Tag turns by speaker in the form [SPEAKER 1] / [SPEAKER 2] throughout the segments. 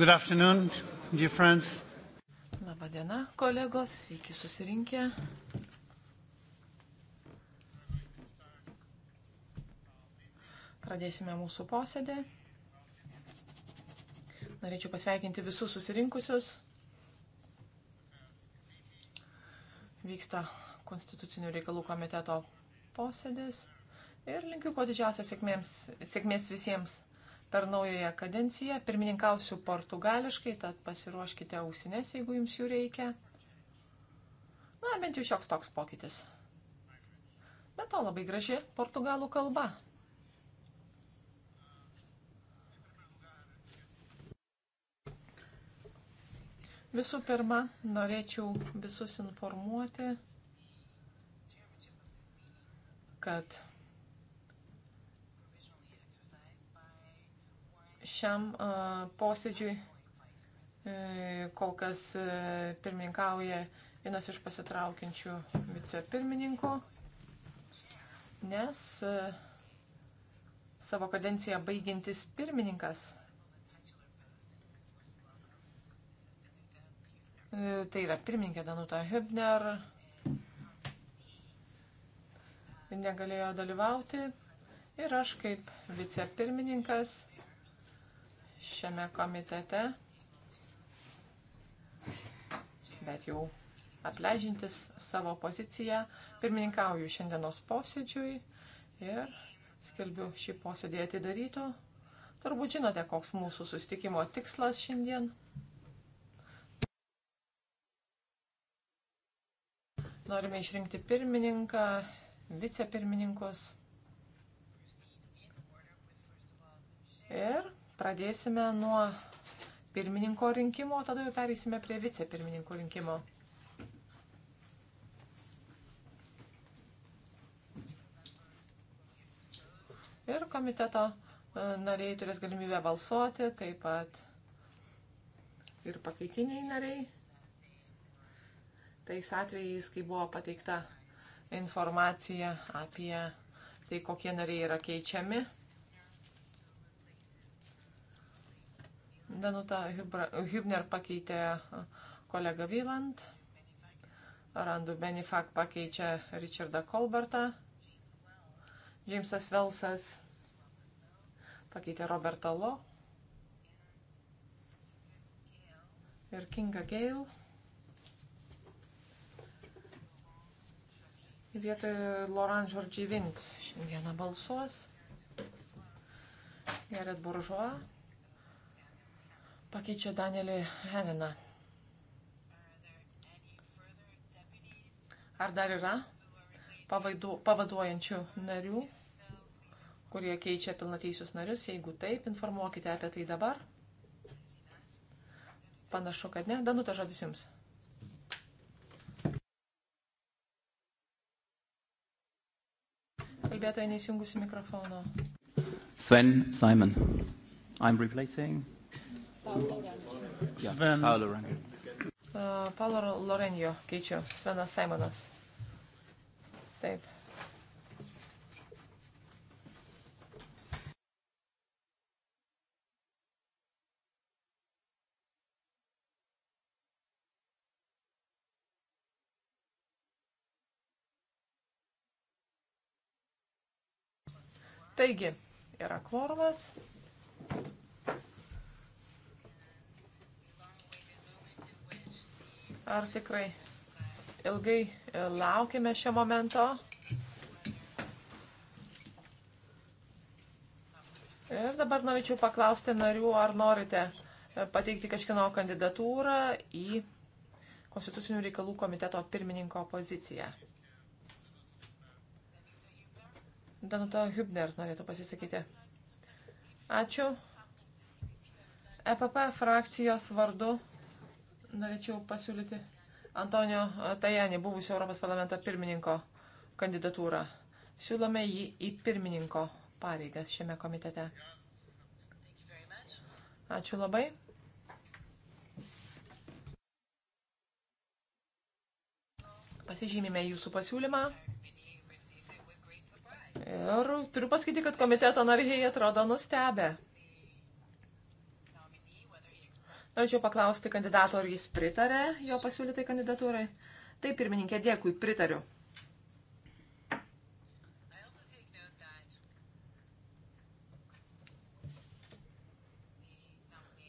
[SPEAKER 1] Good afternoon, dear friends.
[SPEAKER 2] Labadiena, kolegos, sveiki susirinkę. Pradėsime mūsų posėdį. Norėčiau pasveikinti visus susirinkusius. Vyksta Konstitucinių reikalų komiteto posėdis ir linkiu kuo didžiausios sėkmės, sėkmės visiems per naująją kadenciją. Pirmininkausiu portugališkai, tad pasiruoškite ausinės, jeigu jums jų reikia. Na, bent jau šioks toks pokytis. Bet to labai graži portugalų kalba. Visų pirma, norėčiau visus informuoti, kad šiam posėdžiui. E, kol kas e, pirmininkauja vienas iš pasitraukiančių vicepirmininkų, nes e, savo kadenciją baigintis pirmininkas Tai yra pirmininkė Danuta Hübner. Negalėjo dalyvauti. Ir aš kaip vicepirmininkas šiame komitete, bet jau atleidžiantis savo poziciją, pirmininkauju šiandienos posėdžiui ir skelbiu šį posėdį atidarytų. Turbūt žinote, koks mūsų sustikimo tikslas šiandien. Norime išrinkti pirmininką, vicepirmininkus. Ir Pradėsime nuo pirmininko rinkimo, tada jau pereisime prie vicepirmininko rinkimo. Ir komiteto e, nariai turės galimybę balsuoti, taip pat ir pakaitiniai nariai. Tais atvejais, kai buvo pateikta informacija apie tai, kokie nariai yra keičiami. Danuta Hübner pakeitė kolegą Vyland, Randu Benifak pakeičia Richardą Kolbertą, Džeimsas Velsas pakeitė Robertą Lo ir Kinga Gale. Vietoj Laurent Georgie Vince šiandieną balsuos. Jared Bourgeois pakeičia Danielį Heniną. Ar dar yra pavaidu, pavaduojančių narių, kurie keičia pilnateisius narius? Jeigu taip, informuokite apie tai dabar. Panašu, kad ne. Danuta žodis jums. Kalbėtoja neįsijungusi mikrofono.
[SPEAKER 3] Sven Simon. I'm replacing Sven. Paolo Rangel.
[SPEAKER 2] Uh, Paolo Lorenjo keičiu. Svenas Simonas. Taip. Taigi, yra kvormas. Ar tikrai ilgai e, laukime šio momento? Ir dabar norėčiau paklausti narių, ar norite e, pateikti kažkino kandidatūrą į Konstitucinių reikalų komiteto pirmininko poziciją. Danuta Hübner norėtų pasisakyti. Ačiū. EPP frakcijos vardu norėčiau pasiūlyti Antonio Tajani, buvusio Europos parlamento pirmininko kandidatūrą. Siūlome jį į pirmininko pareigas šiame komitete. Ačiū labai. Pasižymime jūsų pasiūlymą. Ir turiu pasakyti, kad komiteto nariai atrodo nustebę. Norėčiau paklausti kandidato, ar jis pritarė jo pasiūlytai kandidatūrai. Taip, pirmininkė, dėkui, pritariu.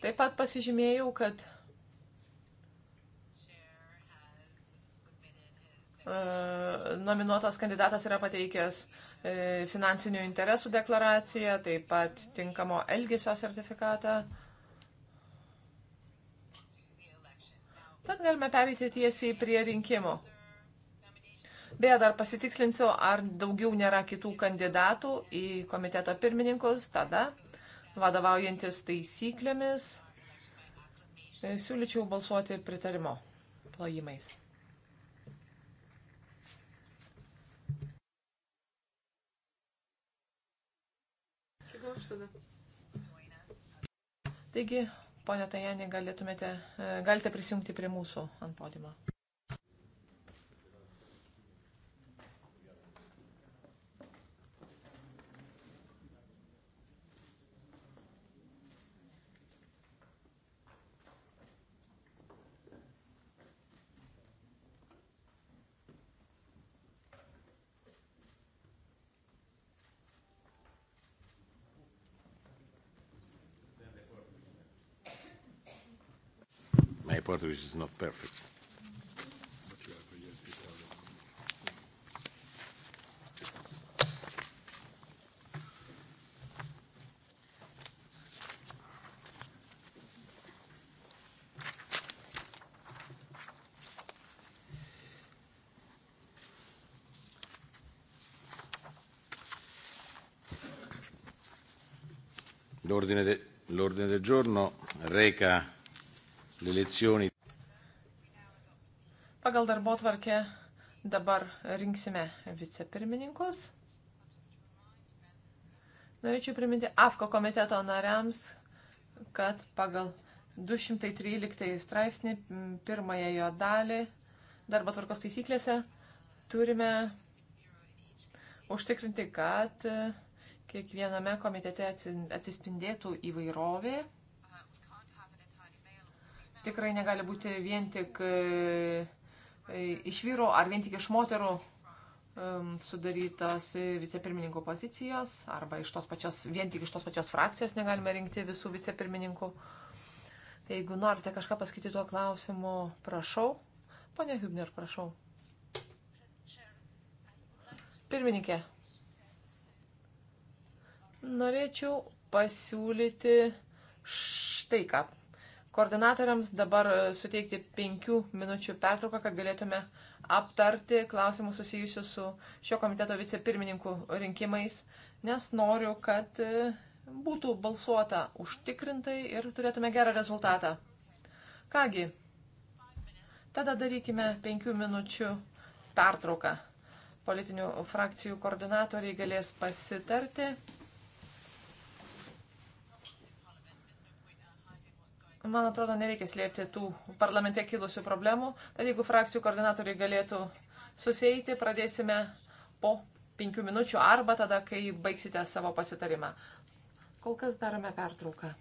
[SPEAKER 2] Taip pat pasižymėjau, kad e, nominuotas kandidatas yra pateikęs e, finansinių interesų deklaraciją, taip pat tinkamo elgesio sertifikatą. Tad galime pereiti tiesiai prie rinkimų. Beje, dar pasitikslinsiu, ar daugiau nėra kitų kandidatų į komiteto pirmininkus, tada, vadovaujantis taisyklėmis, e, siūlyčiau balsuoti pritarimo plojimais. Taigi, Pone Tajani, galėtumėte, e, galite prisijungti prie mūsų ant podimo.
[SPEAKER 1] report which is not perfect. L'ordine de, del giorno reca
[SPEAKER 2] Pagal darbo tvarkę dabar rinksime vicepirmininkus. Norėčiau priminti AFKO komiteto nariams, kad pagal 213 straipsnį pirmąją jo dalį darbo tvarkos taisyklėse turime užtikrinti, kad e, kiekviename komitete atsispindėtų įvairovė tikrai negali būti vien tik e, e, iš vyrų ar vien tik iš moterų sudarytos vicepirmininkų pozicijos arba iš tos pačios, vien tik iš tos pačios frakcijos negalime rinkti visų vicepirmininkų. Tai jeigu norite kažką pasakyti tuo klausimu, prašau. Pone Hübner, prašau. Pirmininkė, norėčiau pasiūlyti štai ką koordinatoriams dabar e, suteikti penkių minučių pertrauką, kad galėtume aptarti klausimus susijusius su šio komiteto vicepirmininkų rinkimais, nes noriu, kad e, būtų balsuota užtikrintai ir turėtume gerą rezultatą. Kągi, tada darykime penkių minučių pertrauką. Politinių frakcijų koordinatoriai galės pasitarti. Man atrodo, nereikia slėpti tų parlamente kilusių problemų. Tad jeigu frakcijų koordinatoriai galėtų susieiti, pradėsime po penkių minučių arba tada, kai baigsite savo pasitarimą. Kol kas darome pertrauką.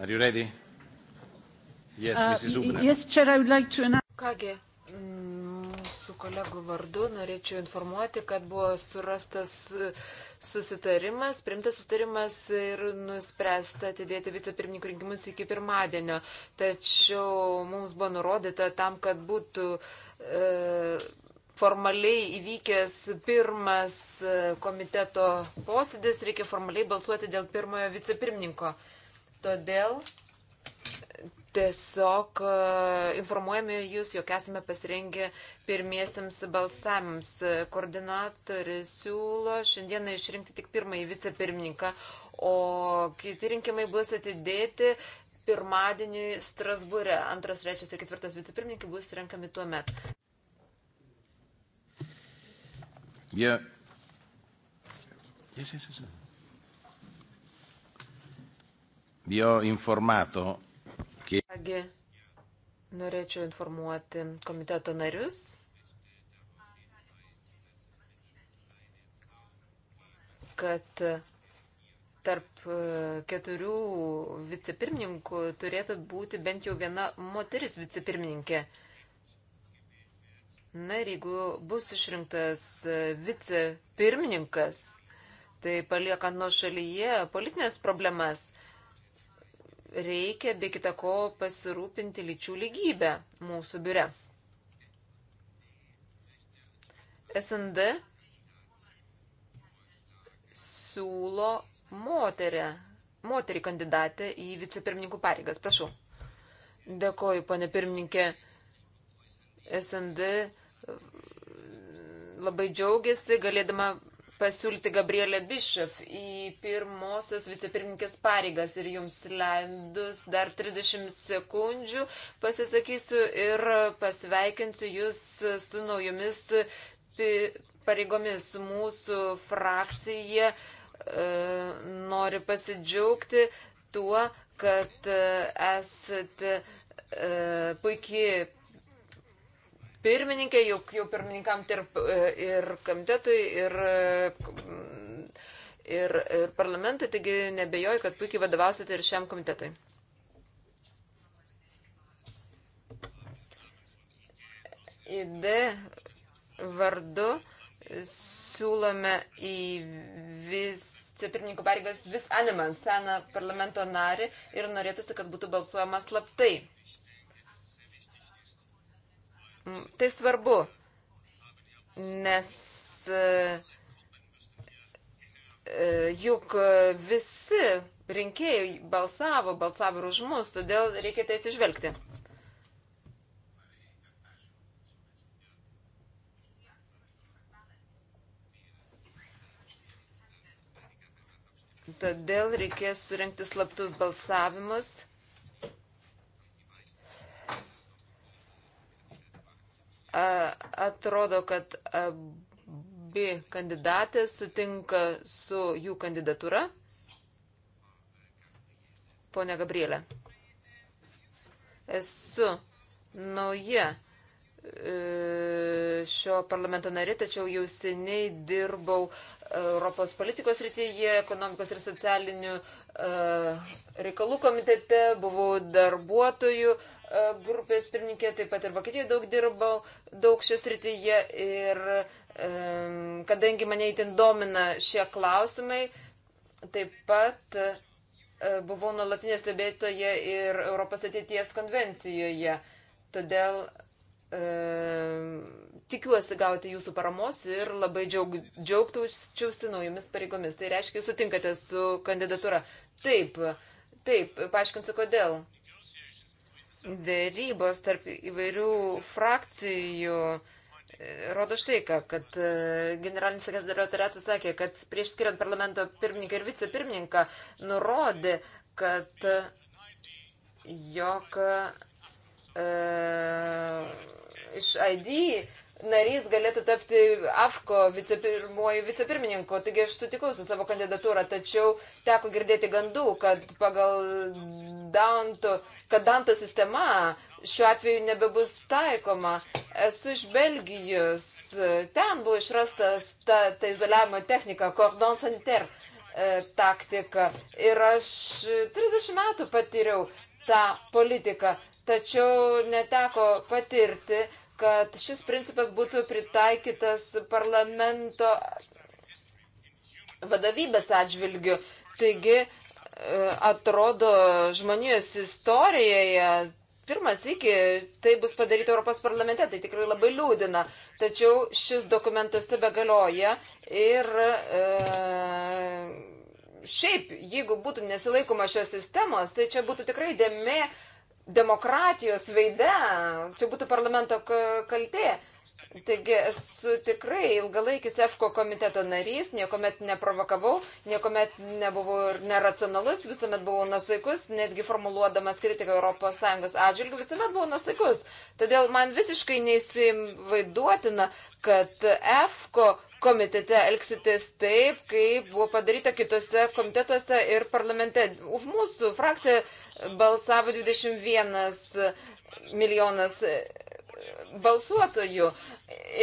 [SPEAKER 1] Are you ready? Yes, uh, Mrs. Ubner. Yes,
[SPEAKER 4] Chair, I would like to announce. Kągi, mm, mūsų kolegų vardu norėčiau informuoti, kad buvo surastas e, susitarimas, primtas susitarimas ir nuspręsta atidėti vicepirmininkų rinkimus iki pirmadienio. Tačiau mums buvo nurodyta tam, kad būtų. E, formaliai įvykęs pirmas e, komiteto posėdis, reikia formaliai balsuoti dėl pirmojo vicepirmininko. Todėl tiesiog e, informuojame jūs, jog esame pasirengę pirmiesiams balsavimams. Koordinatorius siūlo šiandieną išrinkti tik pirmąjį vicepirmininką, o kiti rinkimai bus atidėti pirmadienį Strasbūre. Antras, trečias ir ketvirtas vicepirmininkai bus renkami tuo met.
[SPEAKER 1] Yeah. Yes, yes, yes. Vi ho informato, che...
[SPEAKER 4] Kągi, norėčiau informuoti komiteto narius, kad tarp e, keturių vicepirmininkų turėtų būti bent jau viena moteris vicepirmininkė. Na ir jeigu bus išrinktas e, vicepirmininkas, tai paliekant nuo šalyje politinės problemas, reikia be kita ko pasirūpinti lyčių lygybę mūsų biure. SND siūlo moterę, moterį kandidatę į vicepirmininkų pareigas. Prašau. Dėkoju, pane pirmininkė. SND labai džiaugiasi galėdama pasiūlyti Gabrielę Bišov į pirmosios vicepirmininkės pareigas ir jums leidus dar 30 sekundžių pasisakysiu ir pasveikinsiu jūs su naujomis pareigomis mūsų frakcija. E, Noriu pasidžiaugti tuo, kad e, esate e, puikiai pirmininkė, jau, jau pirmininkam ir, e, ir komitetui, ir, e, ir, ir parlamentui, taigi nebejoju, kad puikiai vadovausite ir šiam komitetui. ID vardu siūlome į vicepirmininkų pareigas vis animant seną parlamento narį ir norėtųsi, kad būtų balsuojama slaptai. Tai svarbu, nes e, juk visi rinkėjai balsavo, balsavo ir už mus, todėl reikia tai atsižvelgti. Todėl reikės surinkti slaptus balsavimus Atrodo, kad abi kandidatės sutinka su jų kandidatūra. Pone Gabrielė, esu nauja E, šio parlamento nari, tačiau jau seniai dirbau Europos politikos rytyje, ekonomikos ir socialinių e, reikalų komitete, buvau darbuotojų e, grupės pirmininkė, taip pat ir Vokietijoje daug dirbau, daug šios rytyje ir kadangi mane įtin domina šie klausimai, taip pat buvau nuolatinė stebėtoje ir Europos ateities konvencijoje. Todėl E, tikiuosi gauti jūsų paramos ir labai džiaug, džiaugtųčiausi naujomis pareigomis. Tai reiškia, jūs sutinkate su kandidatūra. Taip, taip, paaiškinsiu kodėl. Dėrybos tarp įvairių frakcijų e, rodo štai ką, kad e, generalinis sekretariatas sakė, kad prieš skiriant parlamento pirmininką ir vicepirmininką nurodė, kad jog E, iš ID narys galėtų tapti AFKO vicepirmuoju vicepirmininku. Taigi aš sutikau su savo kandidatūra, tačiau teko girdėti gandų, kad pagal Danto, kad Danto sistema šiuo atveju nebebus taikoma. Esu iš Belgijos. Ten buvo išrastas ta, ta izoliavimo technika, cordon sanitaire e, taktika. Ir aš 30 metų patyriau tą politiką tačiau neteko patirti, kad šis principas būtų pritaikytas parlamento vadovybės atžvilgiu. Taigi, e, atrodo, žmonijos istorijoje pirmas iki tai bus padaryta Europos parlamente, tai tikrai labai liūdina. Tačiau šis dokumentas tebe galioja ir e, šiaip, jeigu būtų nesilaikoma šios sistemos, tai čia būtų tikrai dėmė demokratijos veide, čia būtų parlamento kaltė. Taigi esu tikrai ilgalaikis EFKO komiteto narys, niekuomet neprovokavau, niekuomet nebuvau ir neracionalus, visuomet buvau nusaikus, netgi formuluodamas kritiką ES atžvilgių visuomet buvau nusaikus. Todėl man visiškai neįsivaiduotina, kad EFKO komitete elgsitės taip, kaip buvo padaryta kitose komitetuose ir parlamente. Už mūsų frakciją balsavo 21 milijonas balsuotojų.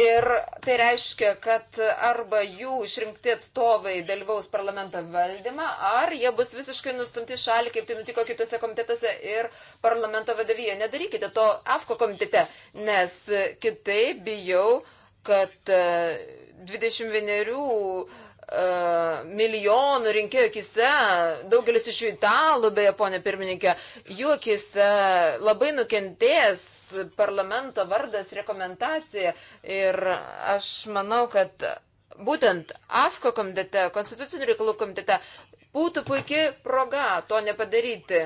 [SPEAKER 4] Ir tai reiškia, kad arba jų išrinkti atstovai dalyvaus parlamento valdymą, ar jie bus visiškai nustumti šalį, kaip tai nutiko kitose komitetuose ir parlamento vadovyje. Nedarykite to AFKO komitete, nes kitai bijau, kad 21 E, milijonų rinkėjų akise, daugelis iš jų italų, beje, ponė pirmininkė, jų akise labai nukentės parlamento vardas, rekomendacija. Ir aš manau, kad būtent AFKO komitete, konstitucinių reikalų komitete, būtų puikia proga to nepadaryti.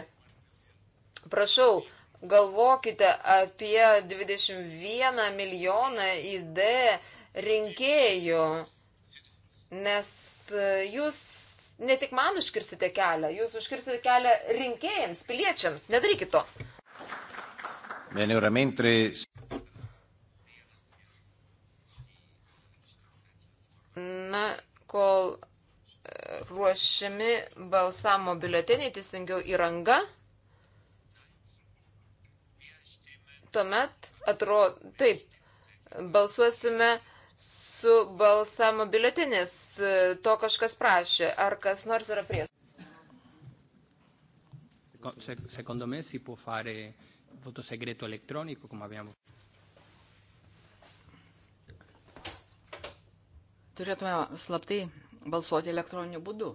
[SPEAKER 4] Prašau, galvokite apie 21 milijoną ID rinkėjų Nes e, jūs ne tik man užkirsite kelią, jūs užkirsite kelią rinkėjams, piliečiams. Nedarykit to.
[SPEAKER 1] Bene, ora mentre...
[SPEAKER 4] Na, kol e, ruošiami balsamo biuleteniai, teisingiau įranga, tuomet atrodo, taip, balsuosime jūsų balsavimo biuletenis. To kažkas prašė. Ar kas nors yra prieš?
[SPEAKER 2] Secondo me si può fare voto segreto elettronico come abbiamo.
[SPEAKER 3] Turėtume slaptai balsuoti elektroniniu būdu.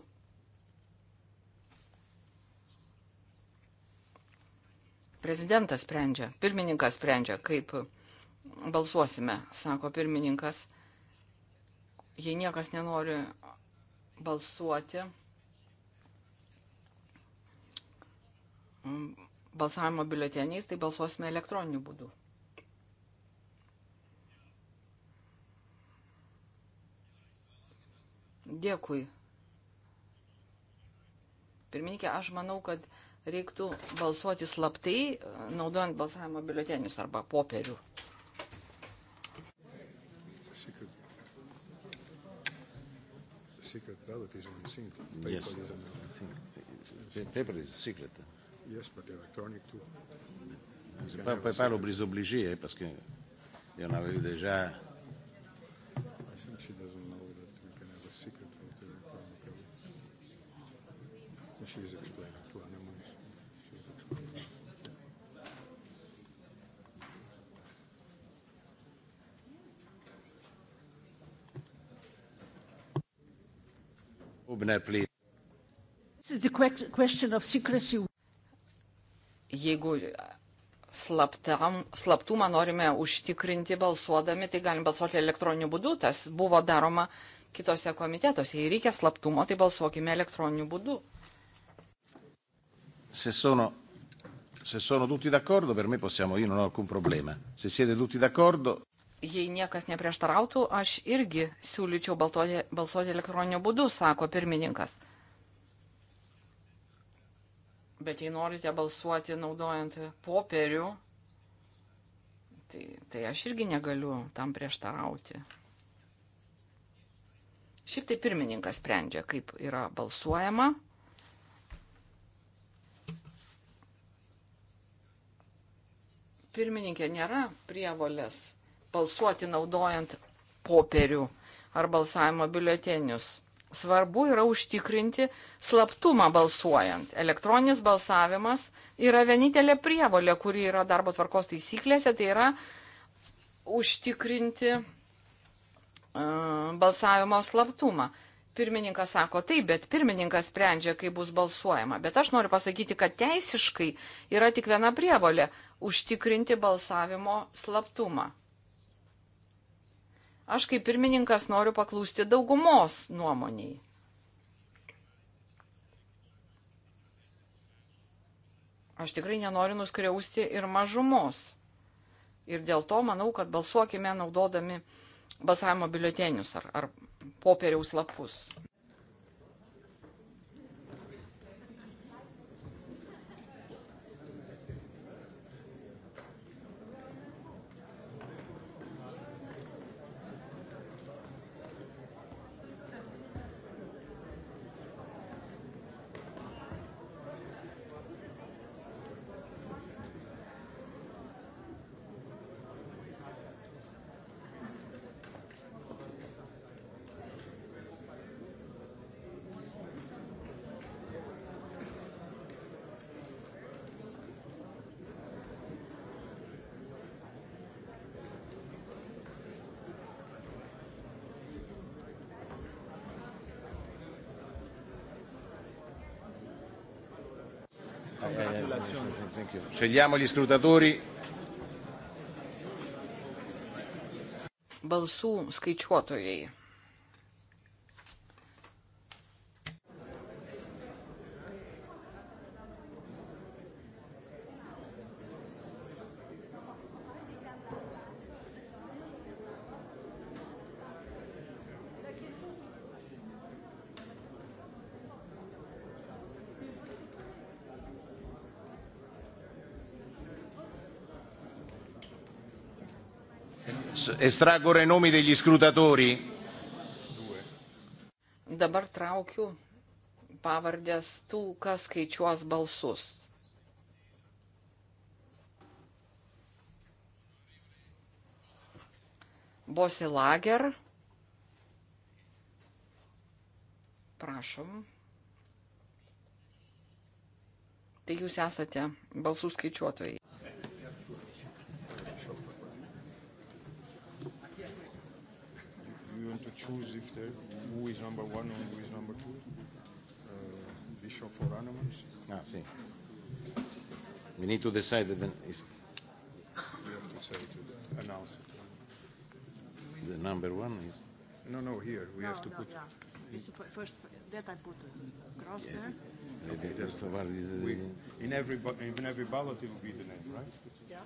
[SPEAKER 3] Prezidentas sprendžia, pirmininkas sprendžia, kaip balsuosime, sako pirmininkas. Jei niekas nenori balsuoti, mm, balsavimo biuleteniais, tai balsuosime elektroniniu būdu. Dėkui. Pirmininkė, aš manau, kad reiktų balsuoti slaptai, naudojant balsavimo biuletenius arba popierių.
[SPEAKER 5] secret ballot is on the single. Paper yes, is on the,
[SPEAKER 1] I think yes. paper is secret. Eh?
[SPEAKER 5] Yes, but electronic too. C'est pas, pas, pas
[SPEAKER 1] l'oblige obligé, hein, parce que il y en avait eu déjà. I
[SPEAKER 5] think she doesn't know that we can have a secret vote electronic. She is explaining.
[SPEAKER 1] Hubner, please.
[SPEAKER 3] Jeigu e, slaptam, slaptumą norime užtikrinti balsuodami, tai galim balsuoti elektroniniu būdu. Tas buvo daroma kitose komitetuose. Jei reikia slaptumo, tai balsuokime elektroniniu būdu.
[SPEAKER 1] Se sono, se sono tutti d'accordo, per me possiamo, io non ho alcun problema. Se siete tutti d'accordo
[SPEAKER 3] jei niekas neprieštarautų, aš irgi siūlyčiau balsuoti, balsuoti elektroniniu būdu, sako pirmininkas. Bet jei norite balsuoti naudojant popierių, tai, tai aš irgi negaliu tam prieštarauti. Šiaip tai pirmininkas sprendžia, kaip yra balsuojama. Pirmininkė nėra prievolės balsuoti naudojant popierių ar balsavimo biuletenius. Svarbu yra užtikrinti slaptumą balsuojant. Elektroninis balsavimas yra vienintelė prievolė, kuri yra darbo tvarkos taisyklėse, tai yra užtikrinti e, balsavimo slaptumą. Pirmininkas sako taip, bet pirmininkas sprendžia, kaip bus balsuojama. Bet aš noriu pasakyti, kad teisiškai yra tik viena prievolė - užtikrinti balsavimo slaptumą. Aš kaip pirmininkas noriu paklausti daugumos nuomoniai. Aš tikrai nenoriu nuskriausti ir mažumos. Ir dėl to manau, kad balsuokime naudodami balsavimo biuletenius ar, ar popieriaus lapus.
[SPEAKER 1] Thank you. Scegliamo gli scrutatori.
[SPEAKER 3] Balsų skaičiuotojai.
[SPEAKER 1] Estraggo i nomi degli scrutatori.
[SPEAKER 3] Dabar traukiu pavardės tų, kas skaičiuos balsus. Bosi Lager. Prašom. Tai jūs esate balsų skaičiuotojai. choose
[SPEAKER 5] if who is number one and who is number two? Uh, bishop for animals?
[SPEAKER 1] Ah, sì. We need to decide then if... You have to say to announce it. The number one is... No, no, here. We no, have to no, put... Yeah.
[SPEAKER 5] It's the first that I put cross yes. there. Okay, that's,
[SPEAKER 1] we, in every in every ballot it will be the name, right? Yeah.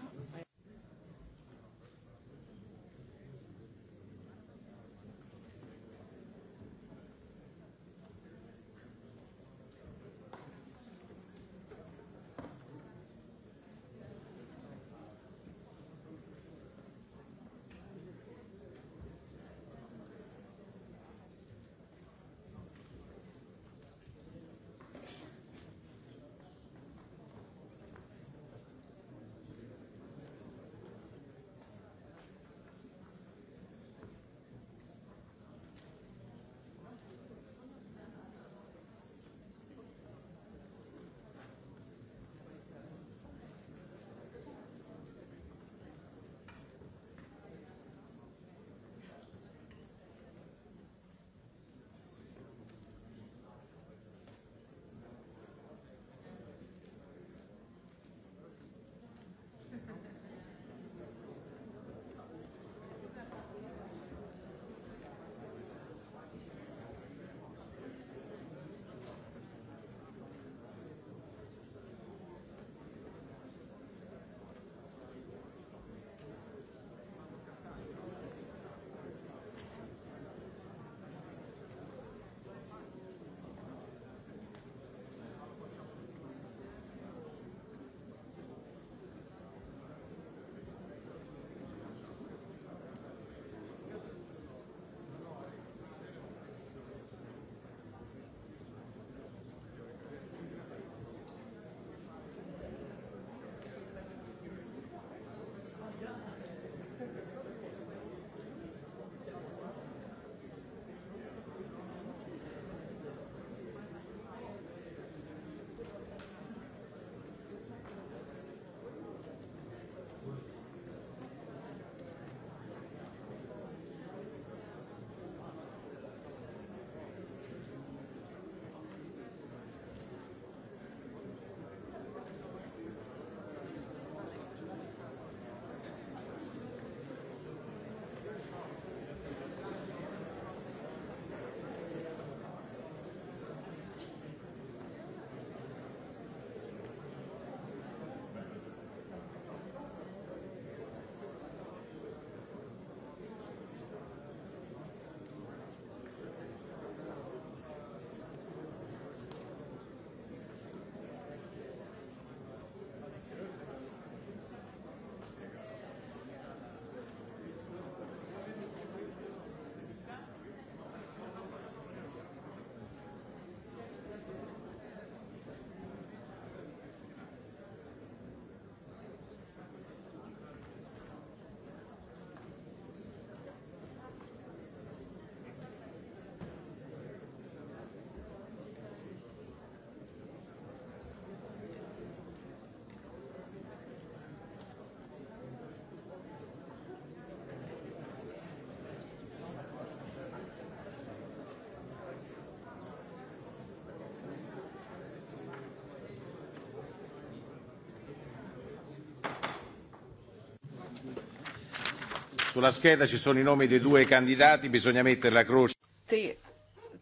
[SPEAKER 1] Sulla scheda ci sono i nomi dei due candidati, bisogna mettere la croce.
[SPEAKER 3] Tai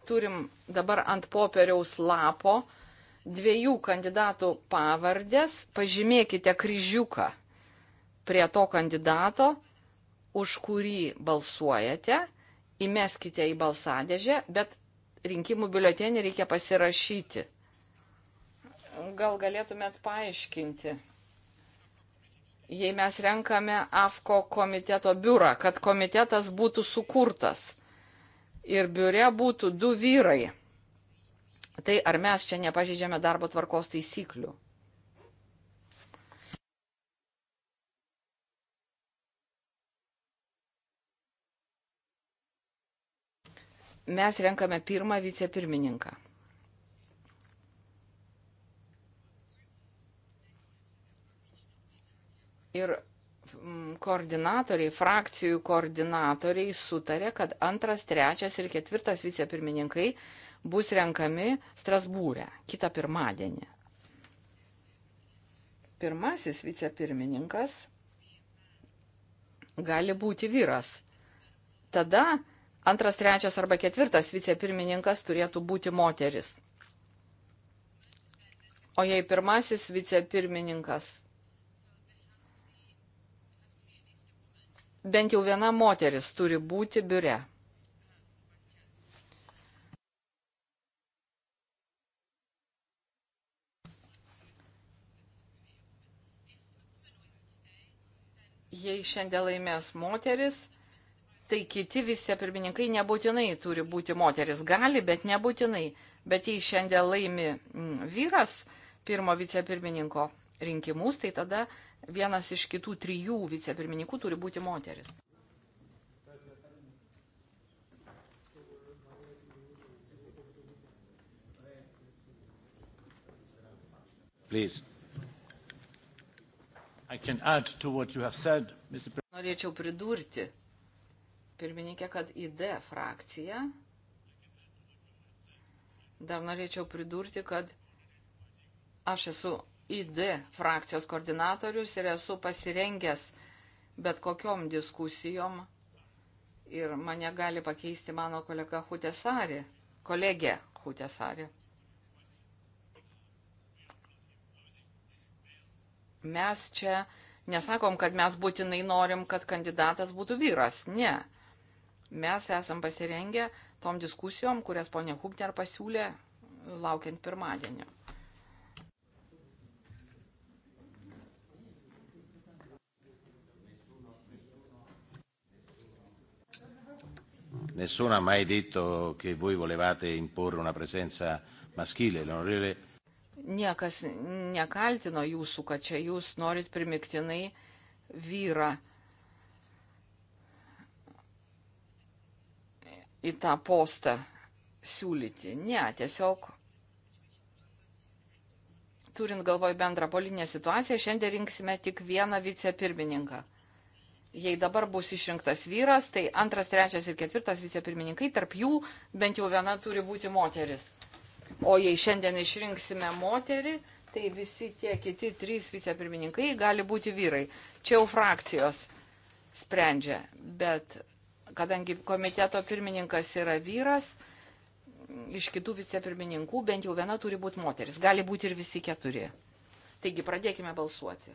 [SPEAKER 3] turim dabar ant popieriaus lapo dviejų kandidatų pavardės, pažymėkite kryžiuką prie to kandidato, už kurį balsuojate, įmeskite į balsadėžę, bet rinkimų biuletenį reikia pasirašyti. Gal galėtumėt paaiškinti? jei mes renkame AFKO komiteto biurą, kad komitetas būtų sukurtas ir biure būtų du vyrai, tai ar mes čia nepažeidžiame darbo tvarkos taisyklių? Mes renkame pirmą vicepirmininką. ir mm, koordinatoriai, frakcijų koordinatoriai sutarė, kad antras, trečias ir ketvirtas vicepirmininkai bus renkami Strasbūrė kitą pirmadienį. Pirmasis vicepirmininkas gali būti vyras. Tada antras, trečias arba ketvirtas vicepirmininkas turėtų būti moteris. O jei pirmasis vicepirmininkas bent jau viena moteris turi būti biure. Jei šiandien laimės moteris, tai kiti visi pirmininkai nebūtinai turi būti moteris. Gali, bet nebūtinai. Bet jei šiandien laimi mm, vyras pirmo vicepirmininko rinkimus, tai tada vienas iš kitų trijų vicepirmininkų turi būti moteris.
[SPEAKER 1] Please. Said,
[SPEAKER 3] Norėčiau pridurti, pirmininkė, kad ID frakcija, dar norėčiau pridurti, kad aš esu ID frakcijos koordinatorius ir esu pasirengęs bet kokiom diskusijom ir mane gali pakeisti mano kolega Hutesari, kolegė Hutesari. Mes čia nesakom, kad mes būtinai norim, kad kandidatas būtų vyras. Ne. Mes esam pasirengę tom diskusijom, kurias ponia Hubner pasiūlė, laukiant pirmadienio.
[SPEAKER 1] Nessuno ha mai detto che voi volevate imporre una presenza maschile. L'onorevole
[SPEAKER 3] niekas nekaltino jūsų, kad čia jūs norit primiktinai vyrą į tą postą siūlyti. Ne, tiesiog turint galvoj bendrą politinę situaciją, šiandien rinksime tik vieną vicepirmininką jei dabar bus išrinktas vyras, tai antras, trečias ir ketvirtas vicepirmininkai, tarp jų bent jau viena turi būti moteris. O jei šiandien išrinksime moterį, tai visi tie kiti trys vicepirmininkai gali būti vyrai. Čia jau frakcijos sprendžia. Bet kadangi komiteto pirmininkas yra vyras, iš kitų vicepirmininkų bent jau viena turi būti moteris. Gali būti ir visi keturi. Taigi pradėkime balsuoti.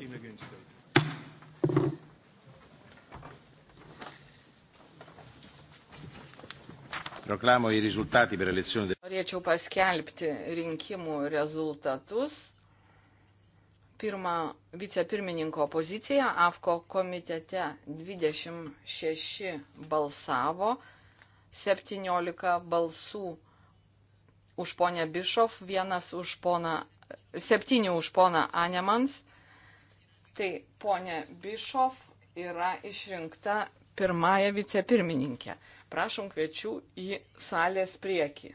[SPEAKER 5] 18 against 8.
[SPEAKER 1] Proklamo i risultati per elezione.
[SPEAKER 3] Norėčiau paskelbti rinkimų rezultatus. Pirmą vicepirmininko poziciją AFKO komitete 26 balsavo, 17 balsų už ponę Bišov, vienas už poną, septyni už poną Anemans, Tai ponė Bišov yra išrinkta pirmąją vicepirmininkę. Prašom kviečių į salės priekį.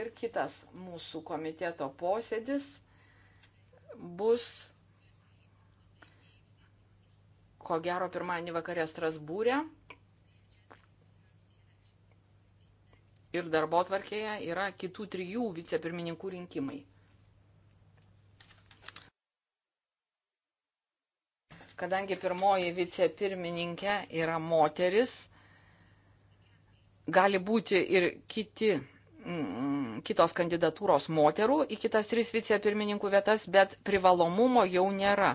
[SPEAKER 3] Ir kitas mūsų komiteto posėdis bus, ko gero, pirmąjį vakarę Strasbūrę. Ir darbo tvarkėje yra kitų trijų vicepirmininkų rinkimai. kadangi pirmoji vicepirmininkė yra moteris, gali būti ir kiti, mm, kitos kandidatūros moterų į kitas tris vicepirmininkų vietas, bet privalomumo jau nėra.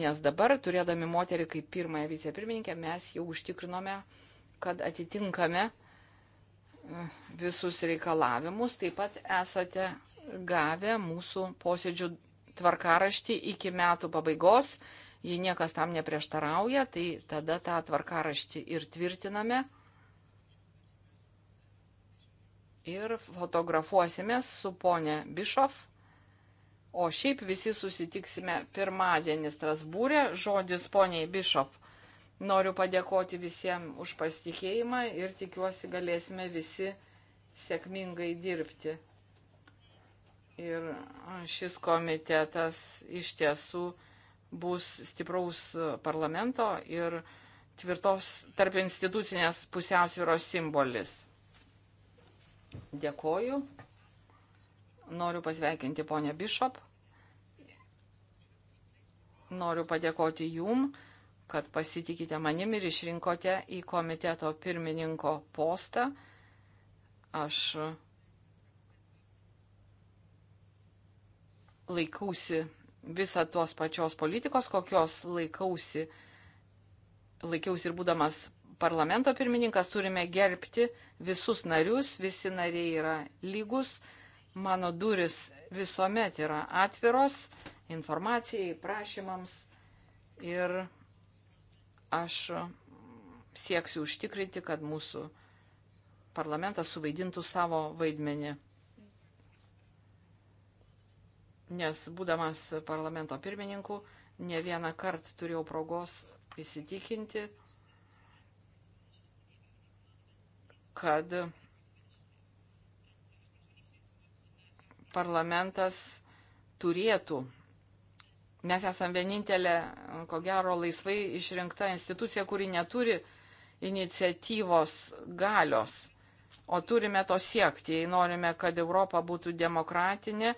[SPEAKER 3] Nes dabar, turėdami moterį kaip pirmąją vicepirmininkę, mes jau užtikrinome, kad atitinkame e, visus reikalavimus. Taip pat esate gavę mūsų posėdžių tvarkaraštį iki metų pabaigos. Jei niekas tam neprieštarauja, tai tada tą tvarkaraštį ir tvirtiname. Ir fotografuosimės su ponė Bišov. O šiaip visi susitiksime pirmadienį Strasbūrė. Žodis poniai Bišov. Noriu padėkoti visiems už pasitikėjimą ir tikiuosi galėsime visi sėkmingai dirbti. Ir šis komitetas iš tiesų bus stipraus parlamento ir tvirtos tarp institucinės pusiausvyros simbolis. Dėkoju. Noriu pasveikinti ponę Bishop. Noriu padėkoti jum, kad pasitikite manim ir išrinkote į komiteto pirmininko postą. Aš laikausi visą tos pačios politikos, kokios laikausi, laikiausi ir būdamas parlamento pirmininkas, turime gerbti visus narius, visi nariai yra lygus, mano duris visuomet yra atviros informacijai, prašymams ir aš sieksiu užtikrinti, kad mūsų parlamentas suvaidintų savo vaidmenį nes būdamas parlamento pirmininku ne vieną kartą turėjau progos įsitikinti, kad parlamentas turėtų. Mes esame vienintelė, ko gero, laisvai išrinkta institucija, kuri neturi iniciatyvos galios, o turime to siekti. Jei norime, kad Europa būtų demokratinė,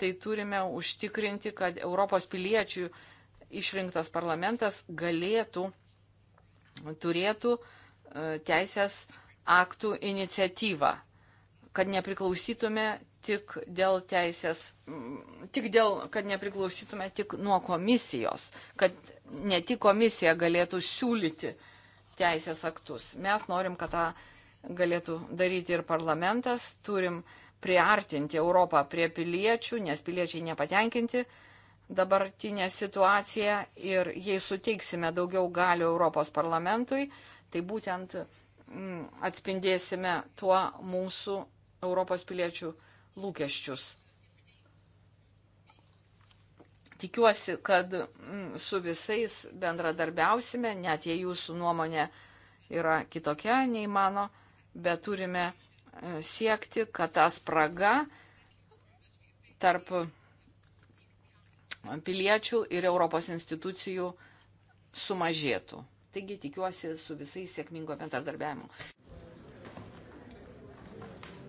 [SPEAKER 3] tai turime užtikrinti, kad Europos piliečių išrinktas parlamentas galėtų, turėtų e, teisės aktų iniciatyvą, kad nepriklausytume tik dėl teisės, tik dėl, kad nepriklausytume tik nuo komisijos, kad ne tik komisija galėtų siūlyti teisės aktus. Mes norim, kad tą galėtų daryti ir parlamentas, turim uh, priartinti Europą prie piliečių, nes piliečiai nepatenkinti dabartinę situaciją ir jei suteiksime daugiau galių Europos parlamentui, tai būtent mm, atspindėsime tuo mūsų Europos piliečių lūkesčius. Tikiuosi, kad mm, su visais bendradarbiausime, net jei jūsų nuomonė yra kitokia nei mano, bet turime siekti, kad ta spraga tarp piliečių ir Europos institucijų sumažėtų. Taigi tikiuosi su visais sėkmingo bendradarbiavimo.